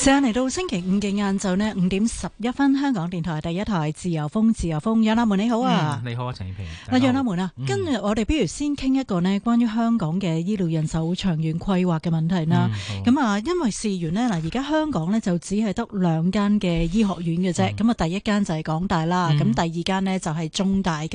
時間嚟到星期五嘅晏晝呢，五點十一分，香港電台第一台自由風，自由風，楊立門你好啊，你好啊，陳燕萍，嗱，楊立門啊，嗯、跟住我哋，不如先傾一個呢關於香港嘅醫療人手長遠規劃嘅問題啦。咁、嗯、啊、嗯，因為事源呢，嗱，而家香港呢就只係得兩間嘅醫學院嘅啫。咁、嗯、啊，第一間就係港大啦，咁、嗯、第二間呢就係中大嘅。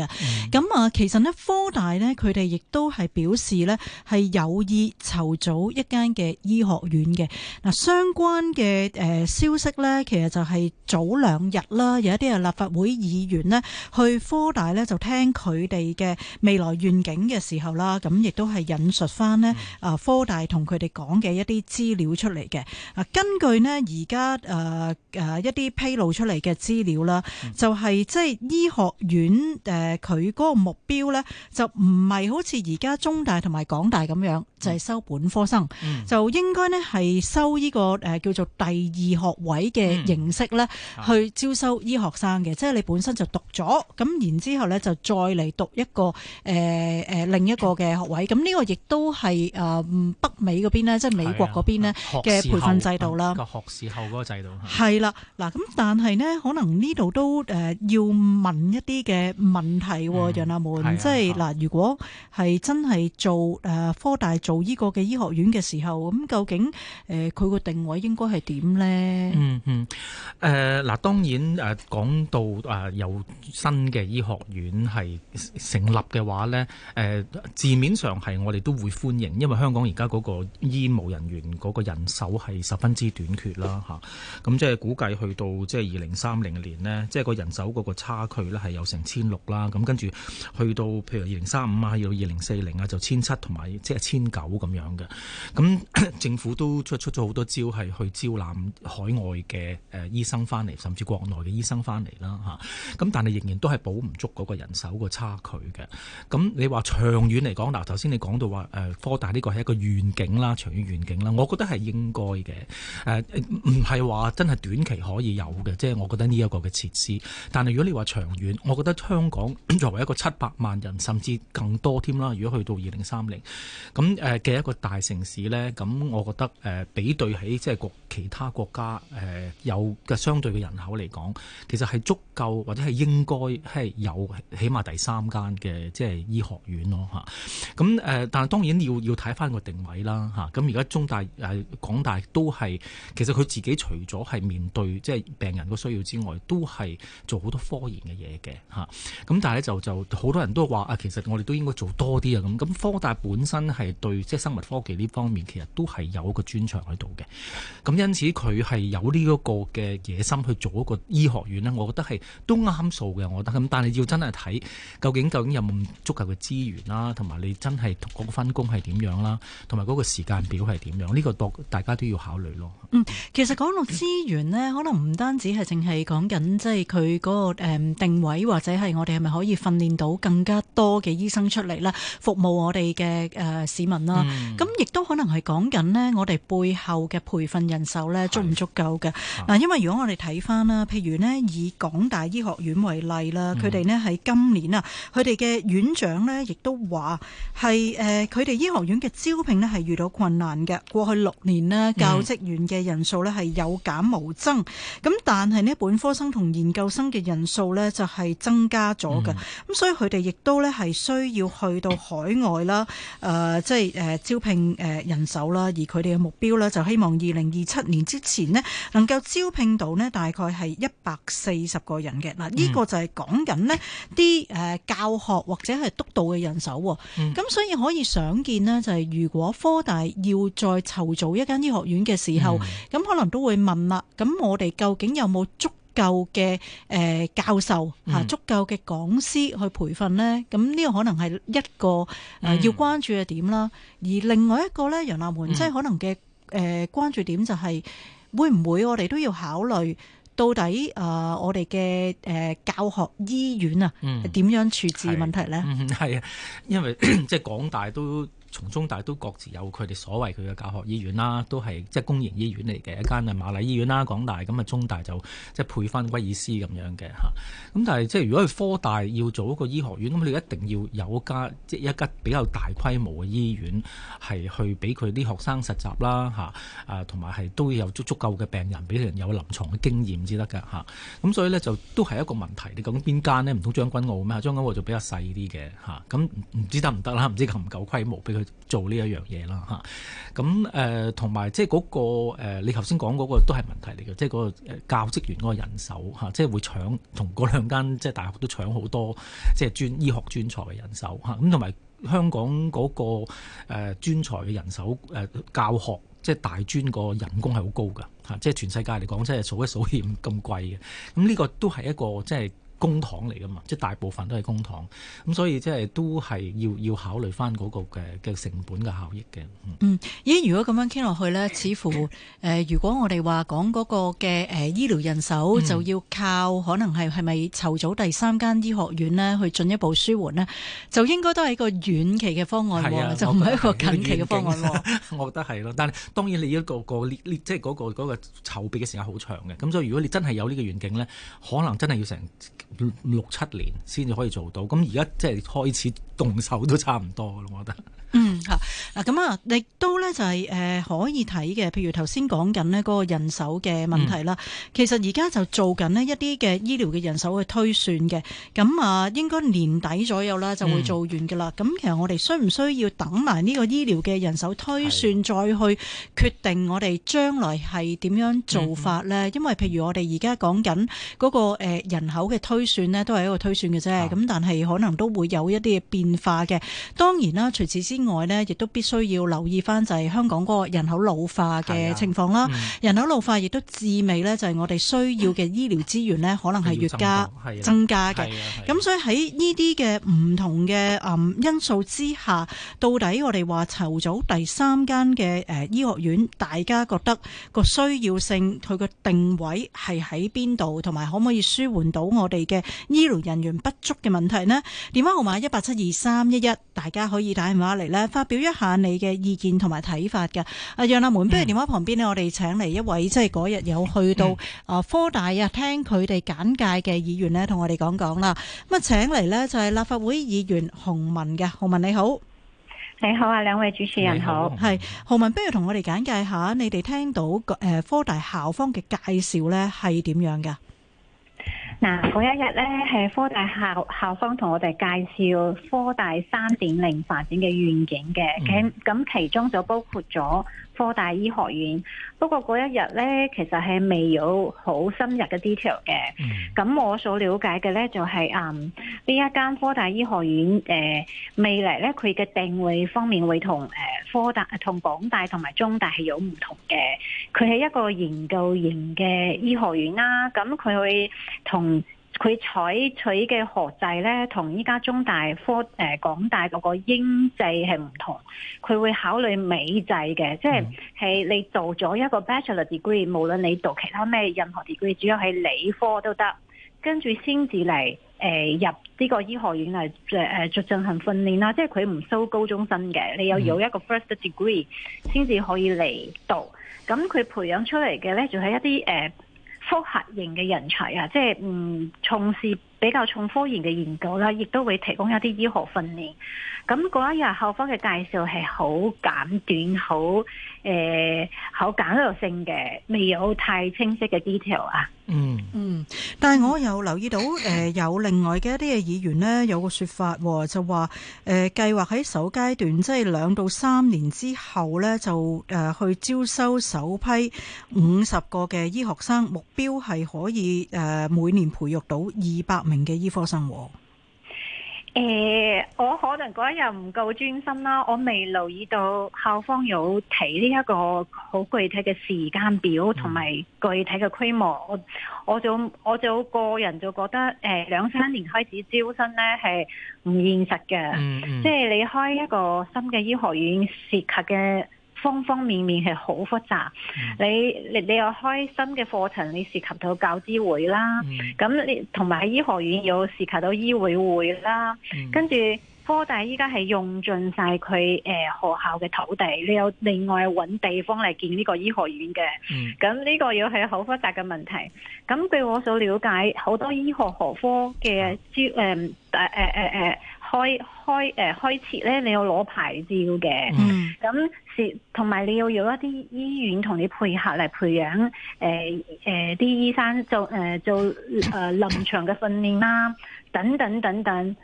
咁、嗯、啊、嗯，其實呢，科大呢，佢哋亦都係表示呢，係有意籌組一間嘅醫學院嘅。嗱，相關嘅。誒嘅消息咧，其實就係早兩日啦，有一啲嘅立法會議員咧去科大咧就聽佢哋嘅未來願景嘅時候啦，咁亦都係引述翻咧啊科大同佢哋講嘅一啲資料出嚟嘅啊。根據咧而家誒誒一啲披露出嚟嘅資料啦，就係即係醫學院誒佢嗰個目標咧，就唔係好似而家中大同埋港大咁樣，就係，是，收本科生，就應該咧係收呢個誒叫做第二學位嘅形式咧，去招收醫學生嘅，即係你本身就讀咗，咁然之後咧就再嚟讀一個誒誒另一個嘅學位。咁呢個亦都係誒北美嗰邊咧，即係美國嗰邊咧嘅培訓制度啦。個學士後嗰個制度係啦，嗱咁但係咧，可能呢度都誒要問一啲嘅問題，人啊們，即係嗱，如果係真係做誒科大做呢個嘅醫學院嘅時候，咁究竟誒佢個定位應該係點？點咧？嗯嗯，誒、呃、嗱，當然誒講到誒有新嘅醫學院係成立嘅話咧，誒、呃、字面上係我哋都會歡迎，因為香港而家個醫務人員個人手係十分之短缺啦吓，咁即係估計去到即係二零三零年咧，即係個人手個差距咧係有成千六啦。咁跟住去到譬如二零三五啊，去到二零四零啊，就千七同埋即係千九咁樣嘅。咁政府都出出咗好多招係去招攬，海外嘅誒醫生翻嚟，甚至國內嘅醫生翻嚟啦嚇，咁但係仍然都係補唔足嗰個人手個差距嘅。咁你話長遠嚟講，嗱頭先你講到話誒科大呢個係一個願景啦，長遠願景啦，我覺得係應該嘅。誒唔係話真係短期可以有嘅，即係我覺得呢一個嘅設施。但係如果你話長遠，我覺得香港作為一個七百萬人甚至更多添啦，如果去到二零三零咁誒嘅一個大城市咧，咁我覺得誒比對起即係國其其他國家誒有嘅相對嘅人口嚟講，其實係足夠，或者係應該係有起碼第三間嘅即係醫學院咯吓，咁誒但係當然要要睇翻個定位啦吓，咁而家中大誒港大都係其實佢自己除咗係面對即係病人個需要之外，都係做好多科研嘅嘢嘅吓，咁但係咧就就好多人都話啊，其實我哋都應該做多啲啊咁。咁科大本身係對即係生物科技呢方面，其實都係有一個專長喺度嘅。咁因此。佢係有呢一個嘅野心去做一個醫學院咧，我覺得係都啱數嘅。我覺得咁，但係要真係睇究竟究竟有冇足夠嘅資源啦，同埋你真係嗰個分工係點樣啦，同埋嗰個時間表係點樣？呢個度大家都要考慮咯。嗯，其實講到資源咧，可能唔單止係淨係講緊即係佢嗰個誒定位，或者係我哋係咪可以訓練到更加多嘅醫生出嚟啦，服務我哋嘅誒市民啦。咁亦都可能係講緊咧，我哋背後嘅培訓人手。足唔足夠嘅？嗱，因為如果我哋睇翻啦，譬如咧以港大醫學院為例啦，佢哋咧喺今年啊，佢哋嘅院長咧亦都話係誒，佢、呃、哋醫學院嘅招聘咧係遇到困難嘅。過去六年咧，教職員嘅人數咧係有減無增，咁、嗯、但係咧本科生同研究生嘅人數咧就係增加咗嘅。咁、嗯、所以佢哋亦都咧係需要去到海外啦，誒、呃，即係誒招聘誒人手啦。而佢哋嘅目標咧就希望二零二七年。之前呢，能夠招聘到呢大概係一百四十個人嘅。嗱，呢個就係講緊呢啲誒教學或者係督導嘅人手喎。咁、嗯、所以可以想見呢，就係如果科大要再籌組一間醫學院嘅時候，咁、嗯、可能都會問啦。「咁我哋究竟有冇足夠嘅誒教授嚇、嗯啊、足夠嘅講師去培訓呢？」咁呢個可能係一個要關注嘅點啦、嗯。而另外一個呢，楊立門即係可能嘅。誒，關注點就係、是、會唔會我哋都要考慮到底啊，我哋嘅誒教學醫院啊，點樣處置問題咧？係、嗯、啊，因為 即係港大都。從中大都各自有佢哋所謂佢嘅教學醫院啦，都係即係公營醫院嚟嘅，一間係瑪麗醫院啦，港大咁，啊，中大就即係配翻威爾斯咁樣嘅嚇。咁但係即係如果去科大要做一個醫學院咁，你一定要有家即係一間比較大規模嘅醫院係去俾佢啲學生實習啦嚇啊，同埋係都要有足足夠嘅病人俾人有臨床嘅經驗先得㗎嚇。咁、啊、所以咧就都係一個問題，你究竟邊間呢？唔通將軍澳咩？將軍澳就比較細啲嘅嚇。咁、啊、唔知得唔得啦？唔知夠唔夠規模俾佢？做呢一樣嘢啦，咁同埋即係嗰個、呃、你頭先講嗰個都係問題嚟嘅，即係嗰個教職員嗰個人手、啊、即係會搶同嗰兩間即大學都搶好多即係專醫學專才嘅人手咁同埋香港嗰、嗰個誒、呃、專才嘅人手、啊、教學即係大專個人工係好高㗎、啊、即係全世界嚟講真係數一數二咁貴嘅，咁呢個都係一個即係。公帑嚟㗎嘛，即係大部分都係公帑，咁所以即係都係要要考慮返嗰個嘅嘅成本嘅效益嘅。嗯，咦、嗯？如果咁樣傾落去咧，似乎誒、呃，如果我哋話講嗰個嘅誒、呃、醫療人手就要靠、嗯、可能係係咪籌組第三間醫學院咧，去進一步舒緩咧，就應該都係一個遠期嘅方案喎、啊，就唔係一個近期嘅方案喎。我覺得係咯，但係當然你一、嗰個、嗰個列，即係嗰個嗰、嗰個嗰個嗰個嗰個籌備嘅時間好長嘅。咁所以如果你真係有呢個願景咧，可能真係要成六七年先至可以做到，咁而家即係開始動手都差唔多嘅咯，我覺得。嗯嗱咁啊，亦都咧就係、是、誒、呃、可以睇嘅，譬如頭先講緊呢嗰個人手嘅問題啦、嗯。其實而家就做緊呢一啲嘅醫療嘅人手嘅推算嘅。咁啊，應該年底左右啦就會做完㗎啦。咁、嗯、其實我哋需唔需要等埋呢個醫療嘅人手推算，再去決定我哋將來係點樣做法咧、嗯？因為譬如我哋而家講緊嗰個人口嘅推算咧，都係一個推算嘅啫。咁但係可能都會有一啲嘅變化嘅。當然啦，除此之外咧，亦都必需要留意翻就係香港嗰個人口老化嘅情況啦，人口老化亦都意味咧就係我哋需要嘅醫療資源咧，可能係越加增加嘅。咁所以喺呢啲嘅唔同嘅誒因素之下，到底我哋話籌組第三間嘅誒醫學院，大家覺得個需要性，佢個定位係喺邊度，同埋可唔可以舒緩到我哋嘅醫療人員不足嘅問題咧？電話號碼一八七二三一一，1, 8, 7, 2, 3, 1, 1，大家可以打電話嚟咧，發表一下。你嘅意見同埋睇法嘅，阿楊立門，不如電話旁邊咧，我哋請嚟一位，即係嗰日有去到啊科大啊，聽佢哋簡介嘅議員呢，同我哋講講啦。咁啊，請嚟呢，就係立法會議員洪雯嘅，洪雯你好，你好啊，兩位主持人好，係、啊、洪，洪雯，不如同我哋簡介下你哋聽到誒科大校方嘅介紹呢係點樣嘅？嗱，嗰一日咧，係科大校校方同我哋介紹科大三點零發展嘅願景嘅，咁其中就包括咗。科大醫學院，不過嗰一日咧，其實係未有好深入嘅 detail 嘅。咁我所了解嘅咧、就是，就係啊呢一間科大醫學院，誒、呃、未來咧佢嘅定位方面會同誒、呃、科大、同港大同埋中大係有唔同嘅。佢係一個研究型嘅醫學院啦，咁、啊、佢會同。佢採取嘅學制咧，同依家中大科誒港、呃、大嗰個英制係唔同，佢會考慮美制嘅，即係你做咗一個 Bachelor Degree，無論你讀其他咩任何 degree，主要係理科都得，跟住先至嚟入呢個醫學院嚟做進行訓練啦。即係佢唔收高中生嘅，你有有一個 First Degree 先至可以嚟讀。咁佢培養出嚟嘅咧，就係一啲誒。呃複合型嘅人才啊，即係唔從事。比較重科研嘅研究啦，亦都會提供一啲醫學訓練。咁嗰一日校方嘅介紹係好簡短，好誒好簡略性嘅，未有太清晰嘅 detail 啊。嗯嗯，嗯，但係我又留意到誒、呃、有另外嘅一啲嘅議員呢，有個説法就話誒、呃、計劃喺首階段，即係兩到三年之後呢，就誒、呃、去招收首批五十個嘅醫學生，目標係可以誒、呃、每年培育到二百名嘅醫科生活，誒、欸，我可能嗰一日唔夠專心啦，我未留意到校方有提呢一個好具體嘅時間表同埋具體嘅規模，我我就我就個人就覺得，誒、欸，兩三年開始招生呢係唔現實嘅、嗯嗯，即係你開一個新嘅醫學院涉及嘅。方方面面係好複雜，嗯、你你你有開新嘅課程，你涉及到教資會啦，咁、嗯、你同埋喺醫學院要涉及到醫會會啦，跟、嗯、住科大依家係用盡晒佢誒學校嘅土地，你有另外揾地方嚟建呢個醫學院嘅，咁、嗯、呢個要係好複雜嘅問題。咁據我所了解，好多醫學學科嘅專誒誒誒誒。呃呃呃呃呃開開誒開設咧，你要攞牌照嘅，咁是同埋你要有一啲醫院同你配合嚟，培養誒誒啲醫生做誒、呃、做誒臨床嘅訓練啦，等等等等。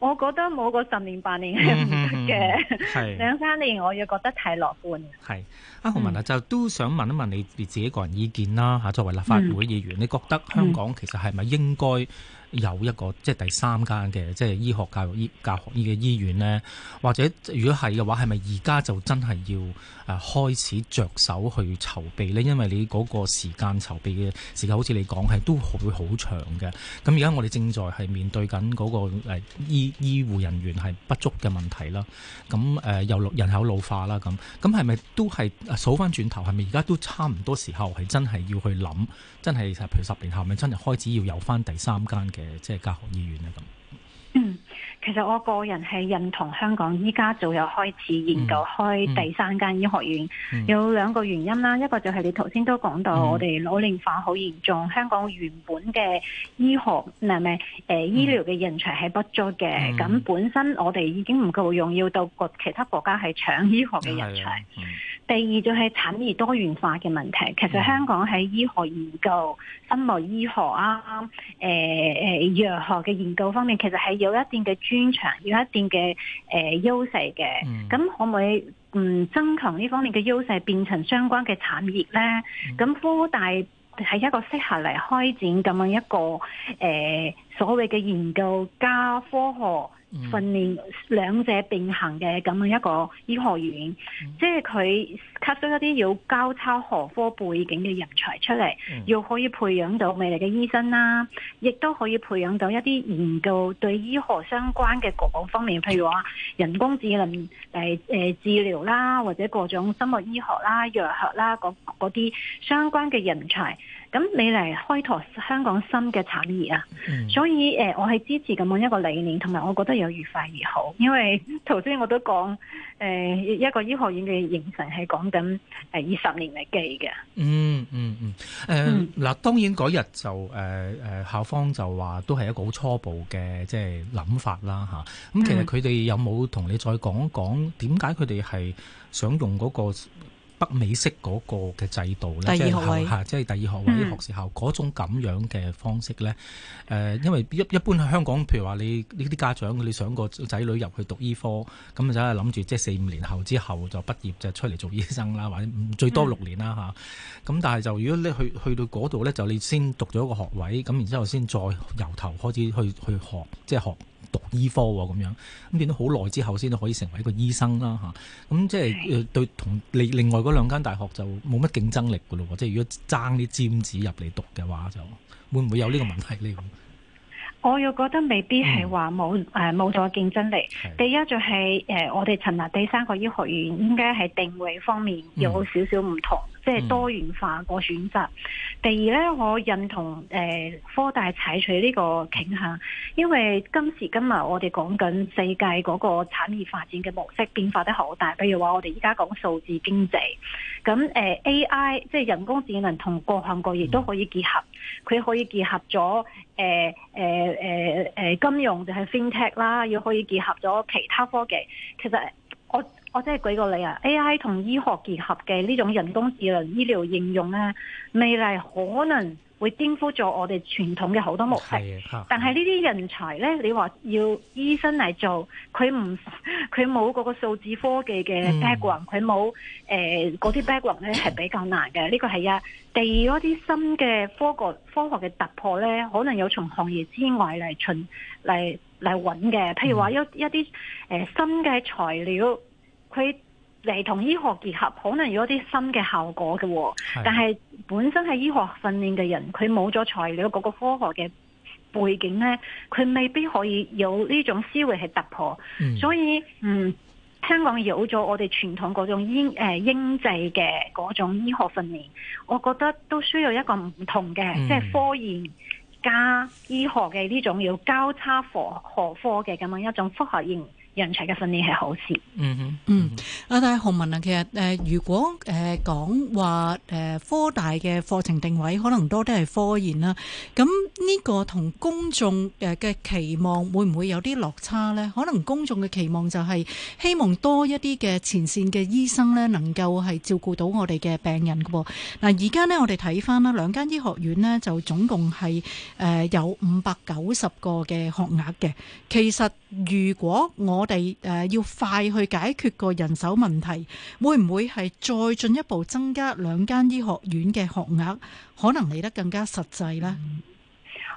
我覺得冇個十年八年係唔得嘅，兩、嗯、 三年我又覺得太樂觀。係阿洪雯啊、嗯，就都想問一問你你自己個人意見啦吓，作為立法會議員，嗯、你覺得香港其實係咪應該？有一個即係第三間嘅即係醫學教育醫教學醫嘅醫院咧，或者如果係嘅話，係咪而家就真係要誒開始着手去籌備咧？因為你嗰個時間籌備嘅時間好似你講係都會好長嘅。咁而家我哋正在係面對緊嗰個誒醫醫護人員係不足嘅問題啦。咁誒又人口老化啦，咁咁係咪都係數翻轉頭，係咪而家都差唔多時候係真係要去諗真係譬如十年後咪真係開始要有翻第三間。誒，即係教學醫院咧咁。其實我個人係認同香港依家早有開始研究開第三間醫學院，嗯嗯、有兩個原因啦。一個就係你頭先都講到，我哋老齡化好嚴重，香港原本嘅醫學嗱咪誒醫療嘅人才係不足嘅。咁、嗯、本身我哋已經唔夠用，要到國其他國家係搶醫學嘅人才、嗯嗯。第二就係產業多元化嘅問題。其實香港喺醫學研究、生物醫學啊、誒誒藥學嘅研究方面，其實係有一定嘅。專長有一定嘅誒優勢嘅，咁、呃嗯、可唔可以唔增強呢方面嘅優勢，變成相關嘅產業咧？咁、嗯、科大係一個適合嚟開展咁樣一個誒、呃、所謂嘅研究加科學。訓練兩者並行嘅，咁樣的一個醫學院，嗯、即係佢吸咗一啲有交叉學科背景嘅人才出嚟，嗯，又可以培養到未來嘅醫生啦，亦都可以培養到一啲研究對醫學相關嘅各個方面，譬如話人工智能誒誒、呃、治療啦，或者各種生物醫學啦、藥學啦嗰啲相關嘅人才。咁你嚟開拓香港新嘅產業啊！所以誒，我係支持咁樣一個理念，同埋我覺得有越快越好。因為頭先我都講誒一個醫學院嘅形成係講緊誒二十年嚟計嘅。嗯嗯嗯。誒、嗯、嗱、嗯，當然嗰日就誒誒校方就話都係一個好初步嘅即係諗法啦嚇。咁其實佢哋有冇同你再講講點解佢哋係想用嗰、嗰個？北美式嗰個嘅制度咧，即係學校即係第二學位學時校嗰、嗯、種咁樣嘅方式咧。誒、呃，因為一一般喺香港，譬如話你呢啲家長你想個仔女入去讀醫科，咁就係諗住即係四五年後之後就畢業就是、出嚟做醫生啦，或者最多六年啦嚇。咁、嗯啊、但係就如果你去去到嗰度咧，就你先讀咗個學位，咁然之後先再由頭開始去去學即係、就是、學。讀醫科喎，咁樣，咁變咗好耐之後先可以成為一個醫生啦嚇。咁、啊嗯、即係，對同另另外嗰兩間大學就冇乜競爭力噶咯喎。即係如果爭啲尖子入嚟讀嘅話，就會唔會有呢個問題呢？我又覺得未必係話冇誒冇咗競爭力。的第一就係、是、誒、呃，我哋成立第三個醫學院應該係定位方面有少少唔同。嗯嗯即係多元化個選擇。第二呢，我認同、呃、科大採取呢個傾向，因為今時今日我哋講緊世界嗰個產業發展嘅模式變化得好大。譬如話，我哋依家講數字經濟，咁、呃、AI 即係人工智能同各行各業都可以結合，佢可以結合咗、呃呃呃、金融，就係、是、FinTech 啦，又可以結合咗其他科技。其實。我即係舉個例啊！A.I. 同醫學結合嘅呢種人工智能醫療應用咧、啊，未來可能會顛覆咗我哋傳統嘅好多模式。但係呢啲人才咧，你話要醫生嚟做，佢唔佢冇嗰個數字科技嘅 background，佢冇誒嗰啲 background 咧係比較難嘅。呢、呢個係啊。第二嗰啲新嘅科學科學嘅突破咧，可能有從行業之外嚟尋嚟嚟揾嘅，譬如話一一啲誒新嘅材料。佢嚟同醫學結合，可能有一啲新嘅效果嘅、哦。但係本身係醫學訓練嘅人，佢冇咗材料嗰、嗰個科學嘅背景呢，佢未必可以有呢種思維係突破、嗯。所以，嗯，香港有咗我哋傳統嗰種英誒、呃、英制嘅嗰種醫學訓練，我覺得都需要一個唔同嘅、嗯，即係科研加醫學嘅呢種要交叉科學科嘅咁樣一種複合型。人才嘅訓練係好事。嗯哼，嗯啊、嗯，但係洪雯啊，其實誒、呃、如果誒講話誒科大嘅課程定位，可能多啲係科研啦。咁呢個同公眾誒嘅期望會唔會有啲落差咧？可能公眾嘅期望就係希望多一啲嘅前線嘅醫生咧，能夠係照顧到我哋嘅病人嘅噃。嗱、呃，而家咧，我哋睇翻啦，兩間醫學院咧就總共係誒、呃、有五百九十個嘅學額嘅。其實如果我地、呃、要快去解決個人手問題，會唔會係再進一步增加兩間醫學院嘅學額，可能嚟得更加實際呢？嗯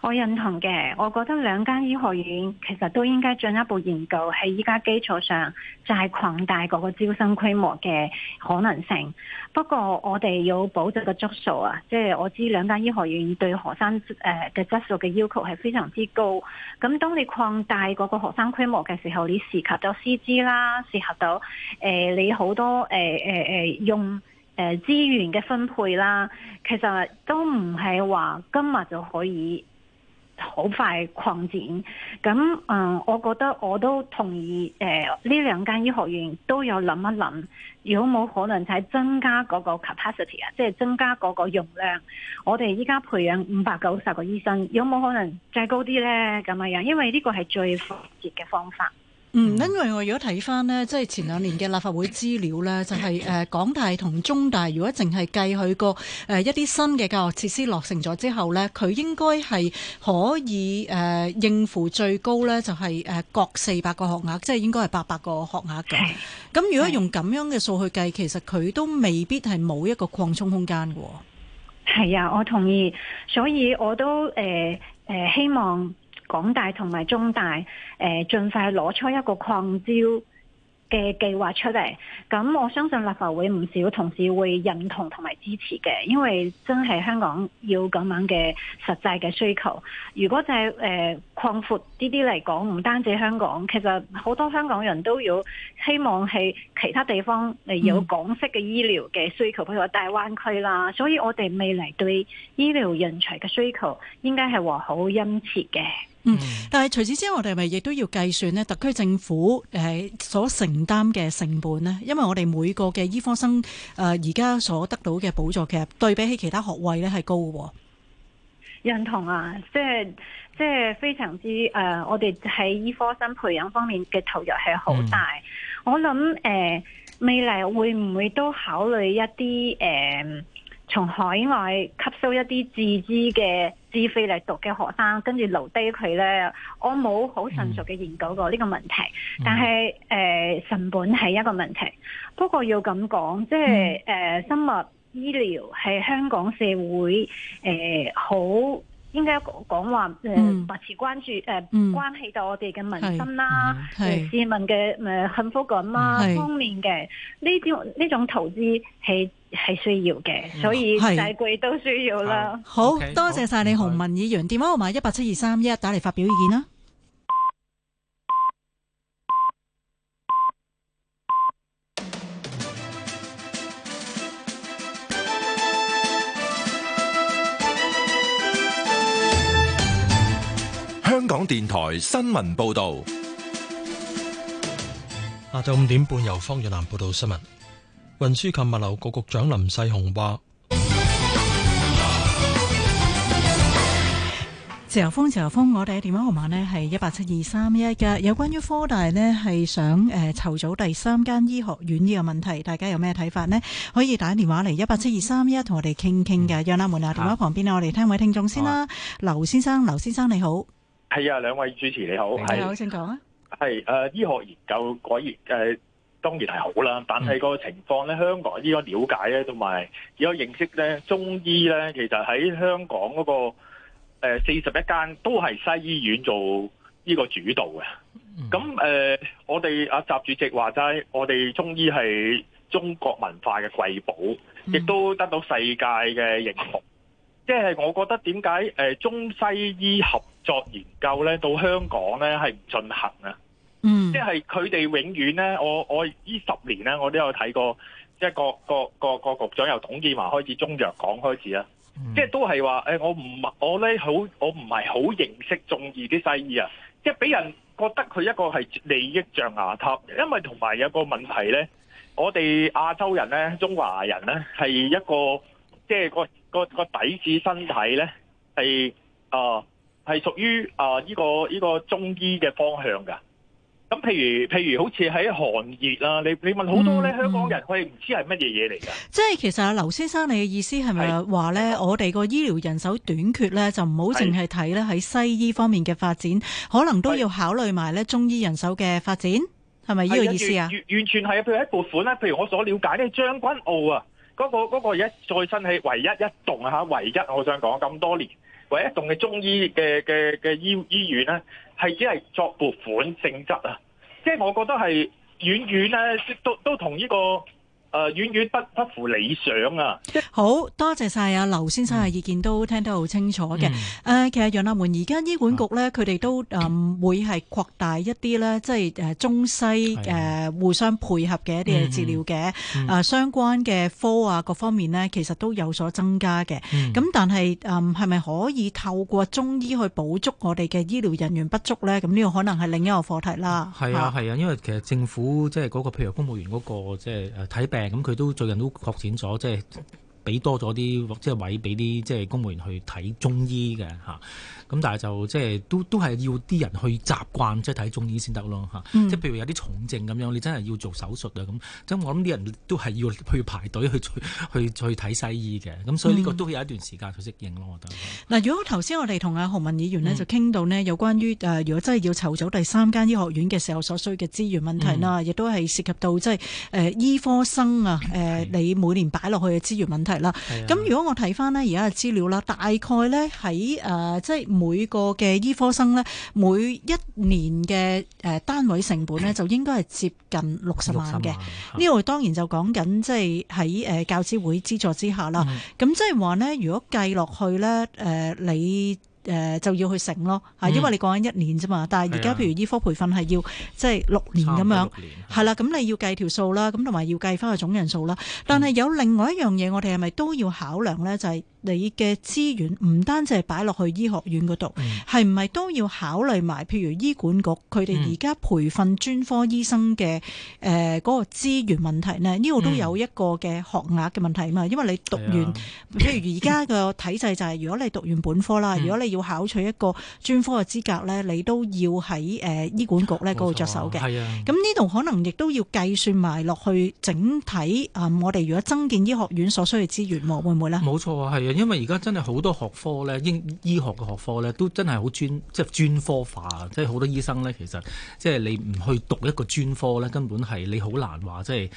我認同嘅，我覺得兩間醫學院其實都應該進一步研究喺依家基礎上，就係擴大嗰個招生規模嘅可能性。不過我哋要保證個足數啊，即係我知兩間醫學院對學生嘅質素嘅要求係非常之高。咁當你擴大嗰個學生規模嘅時候，你涉及咗師資啦，涉及到誒你好多誒、呃呃、用誒、呃、資源嘅分配啦，其實都唔係話今日就可以。好快擴展，咁、嗯、我覺得我都同意，誒、呃、呢兩間醫學院都有諗一諗，有冇可能就係增加嗰個 capacity 啊，即、就、係、是、增加嗰個容量。我哋依家培養五百九十個醫生，有冇可能再高啲呢？咁樣樣？因為呢個係最快捷嘅方法。嗯，因為我如果睇翻呢，即係前兩年嘅立法會資料呢，就係誒港大同中大，如果淨係計佢個誒一啲新嘅教育設施落成咗之後呢，佢應該係可以誒應付最高呢，就係誒各四百個學額，即係應該係八百個學額㗎。咁如果用咁樣嘅數去計，其實佢都未必係冇一個擴充空間嘅。係啊，我同意，所以我都誒誒希望。港大同埋中大，誒、呃，盡快攞出一個擴招嘅計劃出嚟。咁我相信立法會唔少同事會認同同埋支持嘅，因為真係香港要咁樣嘅實際嘅需求。如果就係誒擴闊啲啲嚟講，唔、呃、單止香港，其實好多香港人都有希望係其他地方嚟有港式嘅醫療嘅需求，譬、嗯、如話大灣區啦。所以我哋未來對醫療人才嘅需求，應該係話好殷切嘅。嗯，但係除此之外，我哋係咪亦都要計算咧，特區政府誒所承擔嘅成本咧，因為我哋每個嘅醫科生誒而家所得到嘅補助，其實對比起其他學位咧係高嘅。認同啊，即係即係非常之誒、呃，我哋喺醫科生培養方面嘅投入係好大。嗯、我諗誒、呃，未來會唔會都考慮一啲誒？呃從海外吸收一啲自資嘅自費嚟讀嘅學生，跟住留低佢咧，我冇好純熟嘅研究過呢個問題。嗯嗯、但係誒，成、呃、本係一個問題。不過要咁講，即係誒、呃，生物醫療係香港社會誒，好、呃、應該講話誒，密、呃、切關注誒、呃，關係到我哋嘅民生啦，市、嗯嗯、民嘅誒幸福感啦、嗯、方面嘅呢種呢種投資係。係需要嘅，所以第季都需要啦。好 okay, 多謝晒你，洪雯議員，okay. 電話號碼一八七二三一打嚟發表意見啦。香港電台新聞報道，下晝五點半由方若蘭報道新聞。運輸及物流局局長林世雄話，自由風，自由風，我哋嘅電話號碼呢係一八七二三一，㗎有關於科大呢係想誒籌組第三間醫學院呢個問題，大家有咩睇法呢？可以打電話嚟，一八七二三一同我哋傾傾嘅。讓阿門啊，電話旁邊我哋聽位聽眾先啦。劉、啊、先生，劉先生你好，係啊，兩位主持你好，你好，請講啊。係誒、呃，醫學研究改熱誒。呃當然係好啦，但係個情況咧，香港依個了解咧，同埋依個認識咧，中醫咧，其實喺香港嗰，那個四十一間都係西醫院做呢個主導嘅。咁、嗯、誒、呃，我哋阿習主席話齋，我哋中醫係中國文化嘅瑰寶，亦都得到世界嘅認同。即、嗯、係、就是、我覺得點解、呃、中西醫合作研究咧，到香港咧係唔進行啊？嗯、mm.，即係佢哋永遠咧，我我呢十年咧，我都有睇過，即係個個個個局長由董建華開始，中藥港開始啦，即係都係話誒，我唔我咧好，我唔係好認識中醫啲西醫啊，即係俾人覺得佢一個係利益象牙塔，因為同埋有個問題咧，我哋亞洲人咧，中華人咧係一個即係個個個底子身體咧係啊係屬於啊呢、呃呃這個呢、這個中醫嘅方向噶。咁譬如譬如好似喺行業啦，你你問好多咧、嗯嗯，香港人佢唔知係乜嘢嘢嚟㗎。即係其實啊，劉先生，你嘅意思係咪話咧，我哋個醫療人手短缺咧，就唔好淨係睇咧喺西醫方面嘅發展，可能都要考慮埋咧中醫人手嘅發展，係咪呢個意思啊？完全係啊！譬如喺撥款咧，譬如我所了解呢，將軍澳啊，嗰、那個而家最新係唯一一棟啊，唯一，我想講咁多年唯一棟嘅中醫嘅嘅嘅醫院咧、啊。係只係作撥款性質啊，即係我覺得係遠遠咧，都都同呢個。誒、呃，遠遠不不乎理想啊！好多謝晒，啊。劉先生嘅意見，都聽得好清楚嘅。誒、嗯啊，其實楊立門而家醫管局咧，佢、啊、哋都誒、嗯、會係擴大一啲咧，即係誒中西誒、嗯啊、互相配合嘅一啲治療嘅。誒、嗯嗯啊，相關嘅科啊，各方面呢，其實都有所增加嘅。咁、嗯嗯、但係誒係咪可以透過中醫去補足我哋嘅醫療人員不足咧？咁呢個可能係另一個課題啦。係、嗯、啊係啊，啊，因為其實政府即係嗰、那個，譬如公務員嗰、那個，即係誒睇病。咁、嗯、佢都最近都擴展咗，即係俾多咗啲即係位俾啲即係公務員去睇中醫嘅吓。咁但係就即係都都係要啲人去習慣即係睇中醫先得咯嚇即係譬如有啲重症咁樣，你真係要做手術啊咁，即我諗啲人都係要去排隊去去去睇西醫嘅，咁所以呢個都有一段時間去適應咯，我覺得。嗱，如果頭先我哋同阿洪雯議員呢就傾到呢有關於、嗯、如果真係要籌組第三間醫學院嘅時候所需嘅資源問題啦、嗯，亦都係涉及到即係誒醫科生啊、呃，你每年擺落去嘅資源問題啦。咁如果我睇翻呢而家嘅資料啦，大概呢喺、呃、即每個嘅醫科生咧，每一年嘅誒、呃、單位成本咧，就應該係接近六十萬嘅。呢個當然就在講緊即係喺誒教資會資助之下啦。咁即係話咧，如果計落去咧，誒、呃、你誒、呃、就要去乘咯，因為你講緊一年啫嘛、嗯。但係而家譬如醫科培訓係要即係六年咁樣，係啦，咁你要計條數啦，咁同埋要計返個總人數啦。但係有另外一樣嘢，我哋係咪都要考量咧？就係、是你嘅資源唔單止係擺落去醫學院嗰度，係唔係都要考慮埋？譬如醫管局佢哋而家培訓專科醫生嘅誒嗰個資源問題呢？呢、嗯、度都有一個嘅學額嘅問題嘛。因為你讀完，啊、譬如而家嘅體制就係，如果你讀完本科啦、嗯，如果你要考取一個專科嘅資格呢，你都要喺誒、呃、醫管局呢嗰度着手嘅。係啊，咁呢度可能亦都要計算埋落去整體啊、嗯！我哋如果增建醫學院所需嘅資源會唔會呢？冇錯啊，係、啊。因為而家真係好多學科咧，英醫學嘅學科咧，都真係好專，即係專科化，即係好多醫生咧，其實即係你唔去讀一個專科咧，根本係你好難話，即係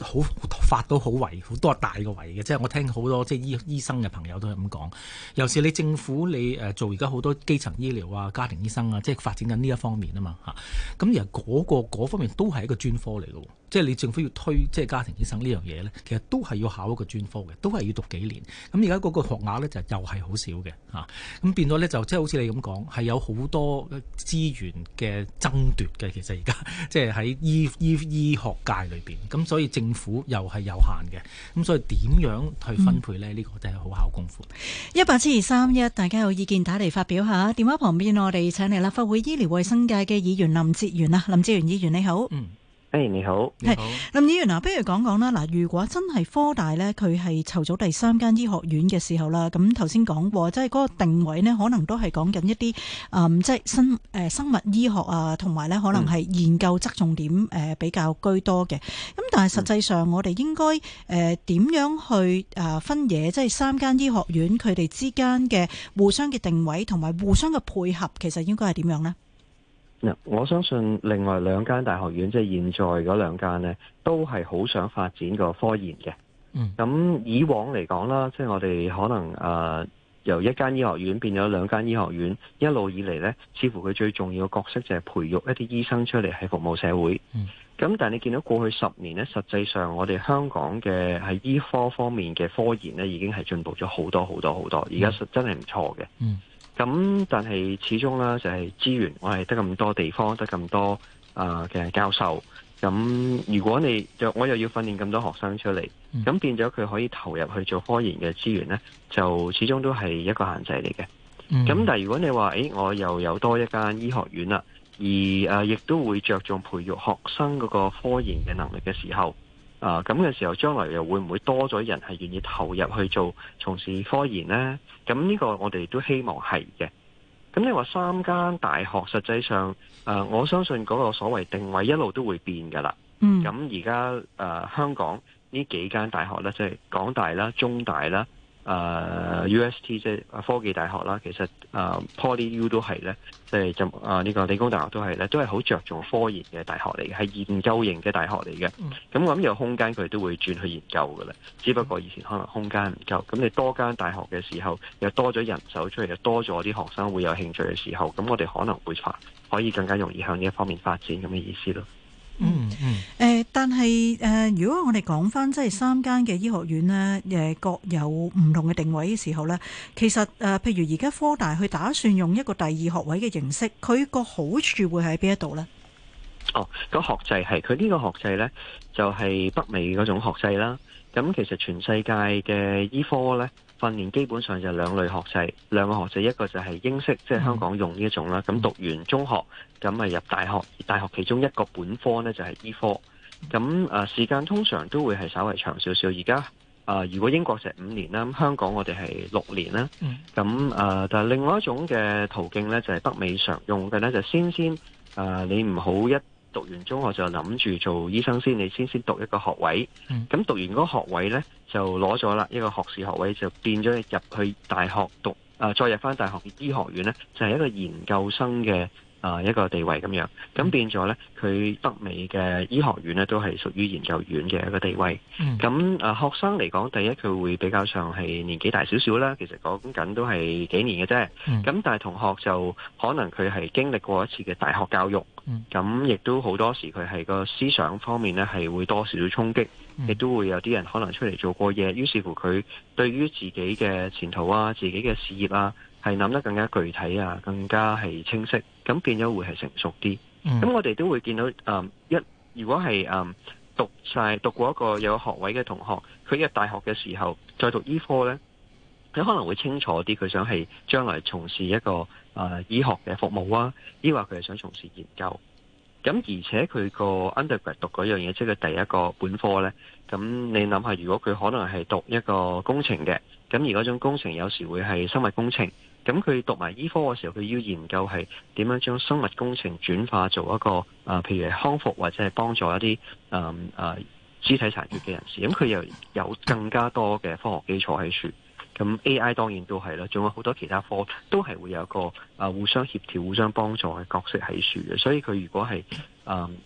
好發到好圍，好多大個圍嘅。即係我聽好多即係醫醫生嘅朋友都係咁講。尤其你政府你誒做而家好多基層醫療啊、家庭醫生啊，即係發展緊呢一方面啊嘛嚇。咁而家嗰、嗰個嗰方面都係一個專科嚟嘅喎。即係你政府要推即係家庭醫生呢樣嘢呢，其實都係要考一個專科嘅，都係要讀幾年。咁而家嗰個學額呢就又係好少嘅嚇。咁、啊、變咗呢，就即係好似你咁講，係有好多資源嘅爭奪嘅。其實而家即係喺醫醫醫學界裏邊，咁所以政府又係有限嘅。咁所以點樣去分配呢？呢、嗯，這個真係好考功夫。一八七二三一，大家有意見打嚟發表下，電話旁邊我哋請嚟立法會醫療衛生界嘅議員林哲玄啊，林哲玄議員你好。嗯誒、hey，你好，係林議員嗱、啊，不如講講啦。嗱，如果真係科大呢，佢係籌組第三間醫學院嘅時候啦，咁頭先講過，即係嗰個定位呢，可能都係講緊一啲即係生誒生物醫學啊，同埋咧可能係研究側重點誒比較居多嘅。咁、嗯、但係實際上，我哋應該誒點樣去誒分野？即、就、係、是、三間醫學院佢哋之間嘅互相嘅定位，同埋互相嘅配合，其實應該係點樣呢？嗱，我相信另外兩間大學院，即係現在嗰兩間呢，都係好想發展個科研嘅。咁、嗯、以往嚟講啦，即係我哋可能誒、呃、由一間醫學院變咗兩間醫學院，一路以嚟呢，似乎佢最重要嘅角色就係培育一啲醫生出嚟，係服務社會。咁、嗯、但係你見到過去十年呢，實際上我哋香港嘅喺醫科方面嘅科研呢，已經係進步咗好多好多好多，而家真係唔錯嘅。嗯嗯咁但係始終啦，就係資源，我係得咁多地方，得咁多啊嘅、呃、教授。咁如果你就我又要訓練咁多學生出嚟，咁變咗佢可以投入去做科研嘅資源呢，就始終都係一個限制嚟嘅。咁、嗯、但係如果你話誒，我又有多一間醫學院啦，而誒亦、呃、都會着重培育學生嗰個科研嘅能力嘅時候。啊，咁嘅時候，將來又會唔會多咗人係願意投入去做從事科研呢？咁呢個我哋都希望係嘅。咁你話三間大學，實際上，誒，啊，我相信嗰個所謂定位一路都會變噶啦。咁而家誒，香港呢幾間大學呢，即係港大啦、中大啦。誒、呃、U S T 即係科技大學啦，其實誒、呃、Poly U 都係呢即係就啊、是、呢、呃呢個理工大學都係呢都係好着重科研嘅大學嚟嘅，係研究型嘅大學嚟嘅。咁咁有空間，佢都會轉去研究噶啦。只不過以前可能空間唔夠，咁你多間大學嘅時候又多咗人手出嚟，又多咗啲學生會有興趣嘅時候，咁我哋可能會話可以更加容易向呢一方面發展咁嘅意思咯。嗯嗯，誒，但係誒，如果我哋講翻即係三間嘅醫學院咧，誒各有唔同嘅定位嘅時候咧，其實誒、呃，譬如而家科大去打算用一個第二學位嘅形式，佢個好處會喺邊一度呢？哦，個學制係，佢呢個學制呢，就係、是、北美嗰種學制啦。咁其實全世界嘅醫科呢。訓練基本上就兩類學制，兩個學制，一個就係英式，即係香港用呢一種啦。咁讀完中學，咁咪入大學，大學其中一個本科呢，就係醫科。咁啊，時間通常都會係稍微長少少。而家啊，如果英國成五年啦，咁香港我哋係六年啦。咁啊、呃，但係另外一種嘅途徑呢，就係北美常用嘅呢，就先先啊、呃，你唔好一讀完中學就諗住做醫生先，你先先讀一個學位。咁讀完嗰個學位呢。就攞咗啦，一個學士學位就變咗入去大學讀，啊再入翻大學醫學院呢，就係、是、一個研究生嘅。啊，一個地位咁樣，咁變咗呢。佢北美嘅醫學院呢，都係屬於研究院嘅一個地位。咁、嗯、啊，學生嚟講，第一佢會比較上係年紀大少少啦。其實講緊都係幾年嘅啫。咁但係同學就可能佢係經歷過一次嘅大學教育，咁、嗯、亦都好多時佢係個思想方面呢，係會多少少衝擊，亦、嗯、都會有啲人可能出嚟做過嘢，於是乎佢對於自己嘅前途啊、自己嘅事業啊，係諗得更加具體啊，更加係清晰。咁變咗會係成熟啲，咁、嗯、我哋都會見到、嗯、一。如果係誒、嗯、讀晒讀過一個有學位嘅同學，佢入大學嘅時候再讀醫、e、科呢，佢可能會清楚啲。佢想係將來從事一個誒、呃、醫學嘅服務啊，抑或佢係想從事研究。咁而且佢個 undergrad 讀讀嗰樣嘢，即、就、係、是、佢第一個本科呢。咁你諗下，如果佢可能係讀一個工程嘅，咁而嗰種工程有時會係生物工程。咁佢讀埋醫科嘅時候，佢要研究係點樣將生物工程轉化做一個誒、呃，譬如康復或者係幫助一啲誒誒肢體殘缺嘅人士。咁、嗯、佢又有更加多嘅科學基礎喺處。咁 AI 當然都係啦，仲有好多其他科都係會有一個互相協調、互相幫助嘅角色喺處嘅。所以佢如果係誒、嗯、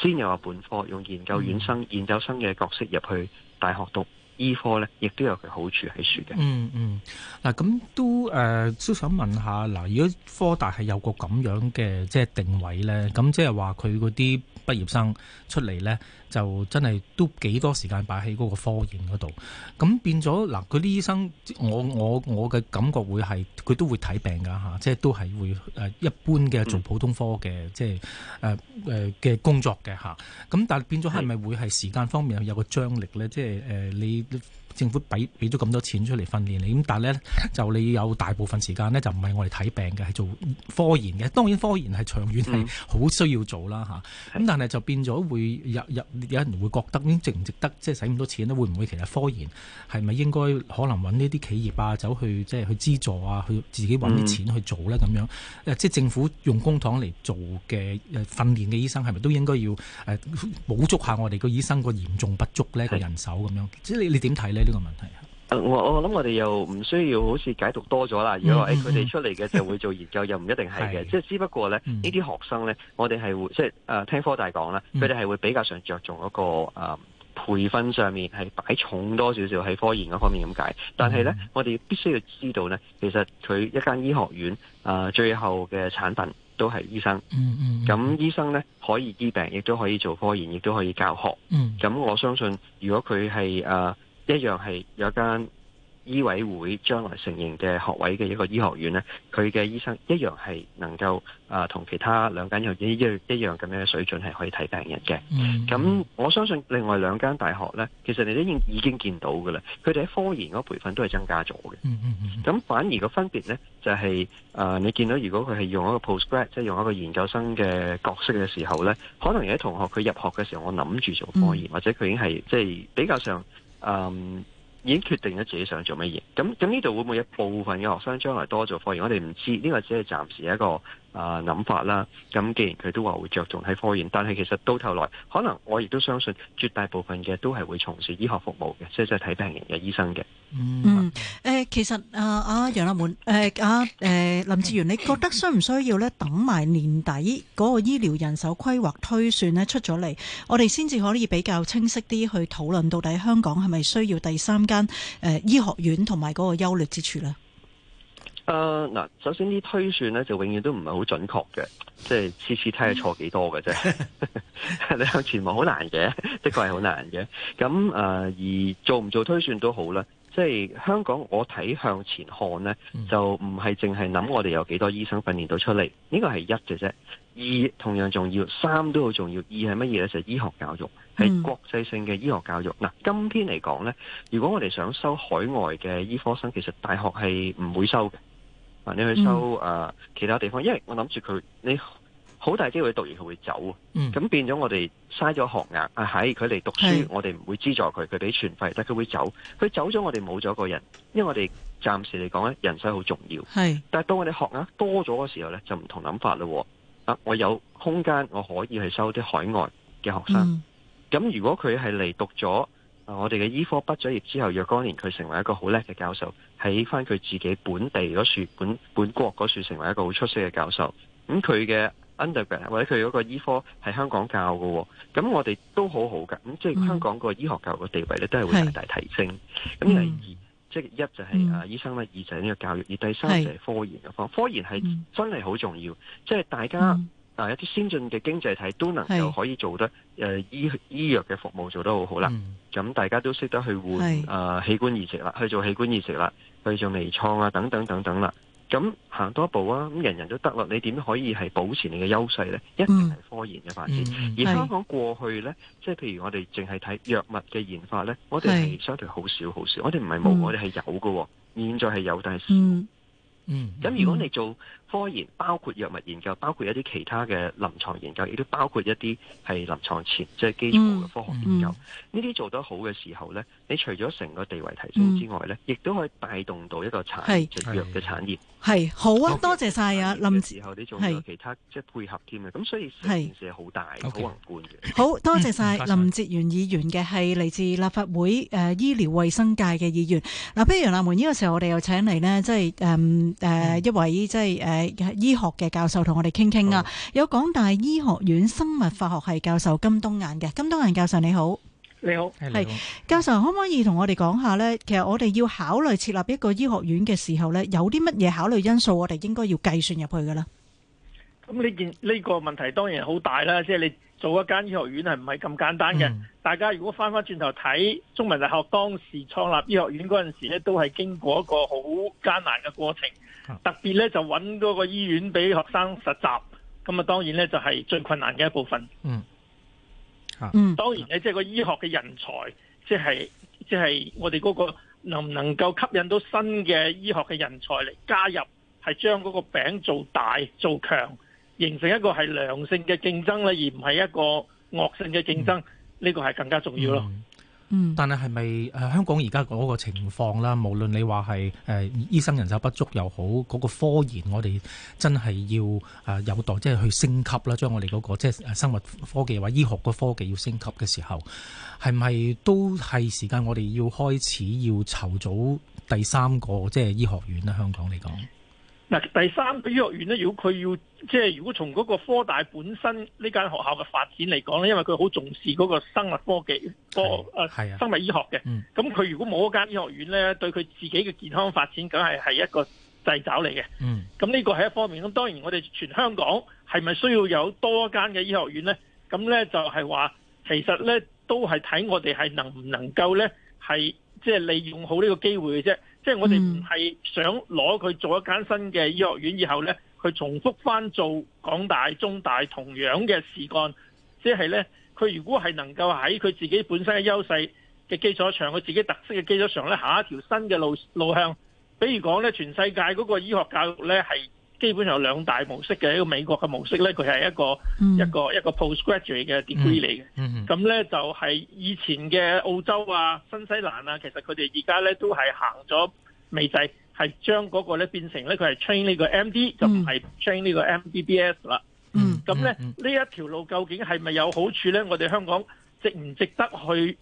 先有個本科，用研究院生、研究生嘅角色入去大學讀。醫科咧，亦都有佢好處喺處嘅。嗯嗯，嗱咁都誒、呃，都想問下嗱，如果科大係有個咁樣嘅即係定位咧，咁即係話佢嗰啲畢業生出嚟呢，就真係都幾多時間擺喺嗰個科研嗰度，咁變咗嗱，佢啲醫生，我我我嘅感覺會係佢都會睇病㗎、嚇、即係都係會、呃、一般嘅做普通科嘅，即係、呃呃、嘅工作嘅嚇，咁、啊、但係變咗係咪會係時間方面有個張力呢？即係、呃、你。政府俾俾咗咁多錢出嚟訓練你，咁但係咧就你有大部分時間呢，就唔係我哋睇病嘅，係做科研嘅。當然科研係長遠係好需要做啦，嚇。咁但係就變咗會有有有人會覺得值唔值得，即係使咁多錢呢？會唔會其實科研係咪應該可能揾呢啲企業啊走去即係去資助啊，去自己揾啲錢去做咧咁樣？嗯、即係政府用公帑嚟做嘅誒訓練嘅醫生係咪都應該要誒補足下我哋個醫生個嚴重不足呢？個人手咁樣？嗯、即係你你點睇呢？呢、這個問題啊、uh,！我想我諗我哋又唔需要好似解讀多咗啦。如果佢哋、哎 mm-hmm. 出嚟嘅就會做研究， 又唔一定係嘅。即係只不過咧，呢、mm-hmm. 啲學生咧，我哋係會即係誒、呃、聽科大講啦，佢哋係會比較着重嗰、那個、呃、培訓上面，係擺重多少少喺科研嗰方面咁解。但係咧，mm-hmm. 我哋必須要知道咧，其實佢一間醫學院、呃、最後嘅產品都係醫生。嗯嗯。咁醫生咧可以醫病，亦都可以做科研，亦都可以教學。咁、mm-hmm. 我相信，如果佢係誒。呃一樣係有一間醫委會將來承認嘅學位嘅一個醫學院咧，佢嘅醫生一樣係能夠啊、呃、同其他兩間醫學院一樣一樣咁樣嘅水準係可以睇病人嘅。咁、mm-hmm. 我相信另外兩間大學咧，其實你都已經已經見到嘅啦。佢哋喺科研嗰個培訓都係增加咗嘅。咁、mm-hmm. 反而個分別咧就係、是、啊、呃，你見到如果佢係用一個 postgrad，即係用一個研究生嘅角色嘅時候咧，可能有啲同學佢入學嘅時候我諗住做科研，mm-hmm. 或者佢已經係即係比較上。嗯，um，已經決定咗自己想做乜嘢。咁咁呢度會唔會有部分嘅學生將來多做科研？我哋唔知呢個只係暫時一個。啊諗法啦，咁既然佢都話會着重喺科研，但係其實到頭來，可能我亦都相信絕大部分嘅都係會從事醫學服務嘅，即係睇病人嘅醫生嘅。嗯，誒、啊嗯呃，其實啊啊楊立門，誒啊誒林哲玄，你覺得需唔需要咧等埋年底嗰個醫療人手規劃推算咧出咗嚟，我哋先至可以比較清晰啲去討論到底香港係咪需要第三間誒醫學院同埋嗰個優劣之處呢？誒、呃、嗱，首先啲推算咧就永遠都唔係好準確嘅，即係次次睇下錯幾多嘅啫。 你向前望好難嘅，的確係好難嘅。咁誒、呃、而做唔做推算都好啦。即係香港我睇向前看咧、嗯，就唔係淨係諗我哋有幾多醫生訓練到出嚟，呢、呢個係一嘅啫。二同樣重要，三都好重要。二係乜嘢咧？就係醫學教育係國際性嘅醫學教育。嗱、嗯呃，今天嚟講咧，如果我哋想收海外嘅醫科生，其實大學係唔會收嘅。你去收誒、嗯呃、其他地方，因為我諗住佢你好大機會讀完佢會走，咁、嗯、變咗我哋嘥咗學額啊，喺佢嚟讀書，我哋唔會資助佢，佢俾全費，但佢會走，佢走咗我哋冇咗個人，因為我哋暫時嚟講咧人手好重要，但係到我哋學額多咗嘅時候咧，就唔同諗法嘞喎，啊我有空間我可以去收啲海外嘅學生，咁、嗯、如果佢係嚟讀咗我哋嘅醫科畢咗業之後，若干年佢成為一個好叻嘅教授，喺翻佢自己本地嗰處、本本國嗰處成為一個好出色嘅教授。咁、嗯、佢嘅 undergrad 或者佢嗰個醫科係香港教嘅、哦，咁我哋都好好噶。咁即係香港個醫學教育嘅地位咧，都係會大大提升。咁第二，嗯、即係一就係啊、嗯、醫生啦，二就係呢個教育，而第三就係科研嘅方。科研係真係好重要，即、嗯、係、就是、大家。嗯啊！一啲先進嘅經濟體都能夠可以做得誒、呃、醫醫藥嘅服務做得好好啦。咁、嗯、大家都識得去換啊、呃、器官移植啦，去做器官移植啦，去做微創啊等等等等啦。咁行多一步啊，咁人人都得啦。你點可以係保持你嘅優勢咧、嗯？一定係科研嘅發展。而香港過去咧，即係譬如我哋淨係睇藥物嘅研發咧，我哋係相對好少好少。我哋唔係冇，我哋係有嘅、哦。現在係有，但係少。咁、嗯嗯、如果你做？嗯科研包括藥物研究，包括一啲其他嘅臨牀研究，亦都包括一啲係臨牀前即係、就是、基礎嘅科學研究。呢、嗯、啲、嗯、做得好嘅時候咧，你除咗成個地位提升之外咧，亦、嗯、都可以帶動到一個產業，即係藥嘅產業。係好啊，多謝晒啊林哲。時候你做咗其他，其他即係配合添啊。咁所以件事係好大好宏觀嘅。Okay. 好多謝晒林哲玄議員嘅，係嚟自立法會誒、呃、醫療衞生界嘅議員。嗱、呃，譬如南門呢、這個時候，我哋又請嚟呢，即係誒誒一位即係誒。呃係醫學嘅教授同我哋傾傾啊，oh. 有港大醫學院生物化學系教授金冬雁嘅，金冬雁教授你好，你好係教授，可唔可以同我哋講下呢？其實我哋要考慮設立一個醫學院嘅時候呢，有啲乜嘢考慮因素我？我哋應該要計算入去㗎喇？咁呢件呢個問題當然好大啦，即係你。做一間醫學院係唔係咁簡單嘅。嗯，大家如果翻翻轉頭睇中文大學當時創立醫學院嗰陣時咧，都係經過一個好艱難嘅過程，啊、特別咧就揾嗰個醫院俾學生實習，咁啊當然咧就係、是、最困難嘅一部分。嗯，嗯、啊，當然咧即係個醫學嘅人才，即係即係我哋嗰個能唔能夠吸引到新嘅醫學嘅人才嚟加入，係將嗰個餅做大做強。形成一個係良性嘅競爭啦，而唔係一個惡性嘅競爭，嗯，呢個係更加重要咯。嗯。嗯，但係係咪誒香港而家嗰個情況啦？無論你話係誒醫生人手不足又好，嗰個科研我哋真係要誒有待即係去升級啦。將我哋嗰個即係生物科技或醫學個科技要升級嘅時候，係咪都係時間我哋要開始要籌組第三個即係醫學院咧？香港嚟講？嗱，第三個醫學院咧，如果佢要即係、就是、如果從嗰個科大本身呢間學校嘅發展嚟講咧，因為佢好重視嗰個生物科技科、啊、生物醫學嘅，咁、嗯、佢如果冇一間醫學院咧，對佢自己嘅健康發展，梗係係一個掣肘嚟嘅。咁、嗯、呢個係一方面，咁當然我哋全香港係咪需要有多間嘅醫學院咧？咁咧就係話其實咧都係睇我哋係能唔能夠咧係即係利用好呢個機會嘅啫。 即係我哋唔係想攞佢做一間新嘅醫學院，以後呢，佢重複翻做港大、中大同樣嘅事幹。即係呢，佢如果係能夠喺佢自己本身嘅優勢嘅基礎上，佢自己特色嘅基礎上呢，行一條新嘅路路向，比如講呢，全世界嗰個醫學教育呢係。基本上有兩大模式嘅，一個美國嘅模式咧，佢係一個一個、嗯、一個 postgraduate 嘅 degree 嚟嘅。咁、嗯、咧、嗯嗯、就係以前嘅澳洲啊、新西蘭啊，其實佢哋而家咧都係行咗未制，係將嗰個咧變成咧佢係 train 呢個 MD、嗯、就唔係 train 呢個、嗯、呢個 MBBS 啦。咁咧呢一條路究竟係咪有好處咧？我哋香港值唔值得去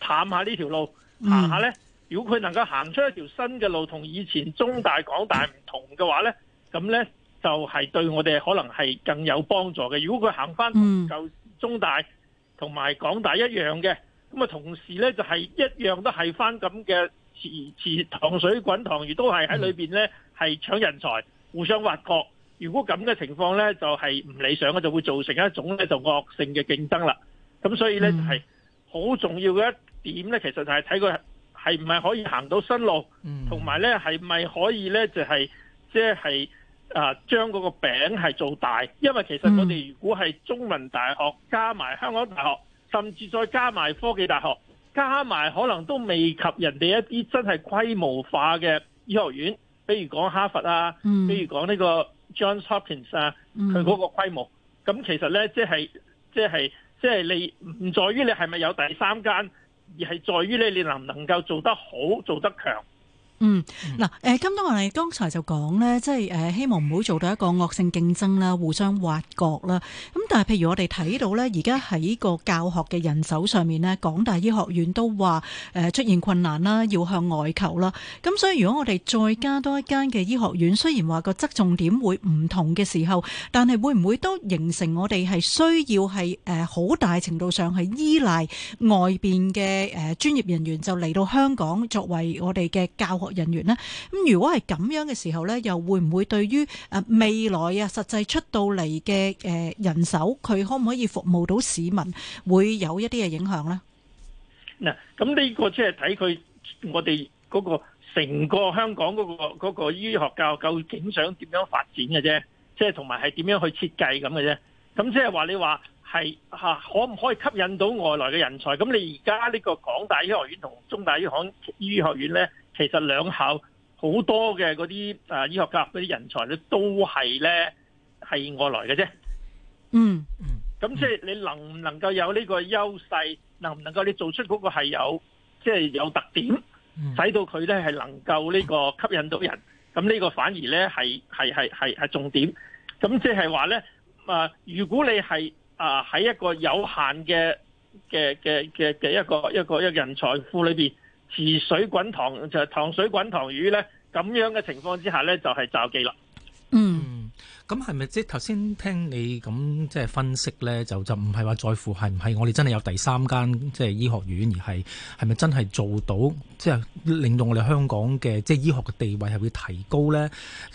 探下呢條路，行一下呢條路行下咧？如果佢能夠行出一條新嘅路，同以前中大、港大唔同嘅話咧，咁呢就係、是、對我哋可能係更有幫助嘅。如果佢行返舊中大同埋港大一樣嘅，咁、mm. 啊同時呢就係、是、一樣都係返咁嘅塘水滾塘魚，都係喺裏面呢係搶人才，互相挖角。如果咁嘅情況呢就係、是、唔理想嘅，就會造成一種呢就惡性嘅競爭啦。咁所以呢就係、是、好重要嘅一點呢，其實就係睇佢係唔係可以行到新路，同埋呢係咪可以呢就係即係。就是啊！將嗰個餅係做大，因為其實我哋如果係中文大學加埋香港大學，甚至再加埋科技大學，加埋可能都未及人哋一啲真係規模化嘅醫學院，比如講哈佛啊，比如講呢個 Johns Hopkins 啊，佢嗰個規模。咁其實呢，即係即係即係你唔在於你係咪有第三間，而係在於你能唔能夠做得好，做得強。嗯，嗱、嗯，誒金冬我哋剛才就講咧，即係誒希望唔好做到一個惡性競爭啦，互相挖角啦。咁但係譬如我哋睇到咧，而家喺個教學嘅人手上面咧，港大醫學院都話誒出現困難啦，要向外求啦。咁所以如果我哋再加多一間嘅醫學院，雖然話個側重點會唔同嘅時候，但係會唔會都形成我哋係需要係誒好大程度上係依賴外邊嘅誒專業人員就嚟到香港作為我哋嘅教學。人員咧，咁如果係咁樣嘅時候咧，又會唔會對於誒未來啊，實際出到嚟嘅誒人手，佢可唔可以服務到市民，會有一啲嘅影響咧？嗱，咁呢個即係睇佢我哋嗰個成個香港嗰個嗰個醫學教育究竟想點樣發展嘅啫，即係同埋係點樣去設計咁嘅啫。咁即係話你話係吓可唔可以吸引到外來嘅人才？咁你而家呢個港大醫學院同中大醫學醫學院咧？其實兩校好多嘅嗰啲啊醫學界嗰啲人才咧，都係咧係外來嘅啫。嗯嗯，咁即係你能唔能夠有呢個優勢，能唔能夠你做出嗰個係有即係、就是、有特點，使到佢咧係能夠呢個吸引到人。咁呢個反而咧係係係係係重點。咁即係話咧啊，如果你係啊喺一個有限嘅嘅嘅嘅一個一個一個人才庫裏邊。塘水滾塘就係塘水滾塘魚咧，咁樣嘅情況之下咧，就係罩欺啦。嗯，咁係咪即係頭先聽你咁即係分析咧？就就唔係話在乎係唔係我哋真係有第三間即係醫學院，而係係咪真係做到即係、就是、令到我哋香港嘅即係醫學嘅地位係會提高咧？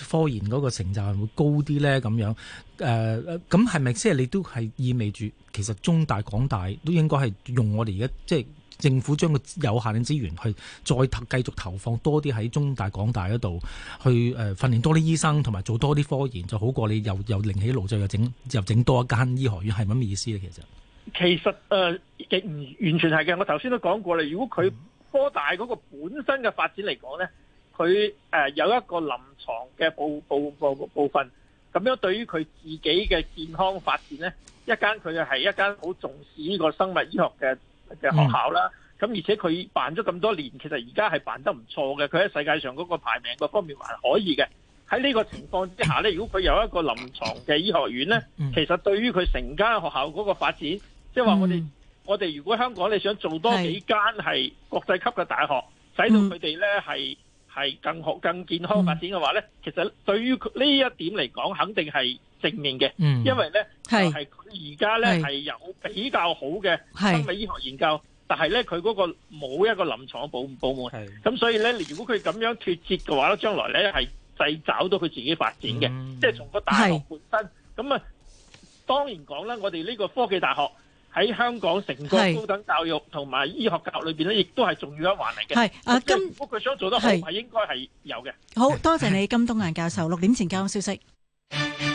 科研嗰個成就係會高啲咧？咁樣誒，咁係咪即係你都係意味住其實中大、港大都應該係用我哋而家即係？就是政府將個有限嘅資源去再繼續投放多啲喺中大、港大嗰度，去誒訓練多啲醫生，同埋做多啲科研，就好過你又又另起爐灶又整又整多一間醫學院，係咪咁嘅意思咧？其實其實誒，亦、呃、唔完全係嘅。我頭先都講過啦，如果佢科大嗰個本身嘅發展嚟講呢，佢誒有一個臨床嘅部部部部分，咁樣對於佢自己嘅健康發展呢，一間佢又係一間好重視呢個生物醫學嘅。嘅、嗯、學校啦，咁而且佢辦咗咁多年，其實而家係辦得唔錯嘅，佢喺世界上嗰個排名各方面還可以嘅。喺呢個情況之下呢，如果佢有一個臨床嘅醫學院呢，嗯、其實對於佢成間學校嗰個發展，即係話我哋、嗯、我哋如果香港你想做多幾間係國際級嘅大學，使到佢哋呢係。係更好、更健康發展嘅話咧、嗯，其實對於呢一點嚟講，肯定係正面嘅、嗯，因為咧係而家咧係有比較好嘅生理醫學研究，是但係咧佢嗰個冇一個臨床保部門保，咁所以咧如果佢咁樣脫節嘅話咧，將來咧係制找到佢自己發展嘅，即係從個大學本身，咁啊，當然講啦，我哋呢個科技大學。喺香港成個高等教育同埋醫學教育裏邊咧，亦都係重要一環嚟嘅。係，啊金，我佢想做得好，係應該係有嘅。好多謝你，金冬雁教授。 六點前交通消息。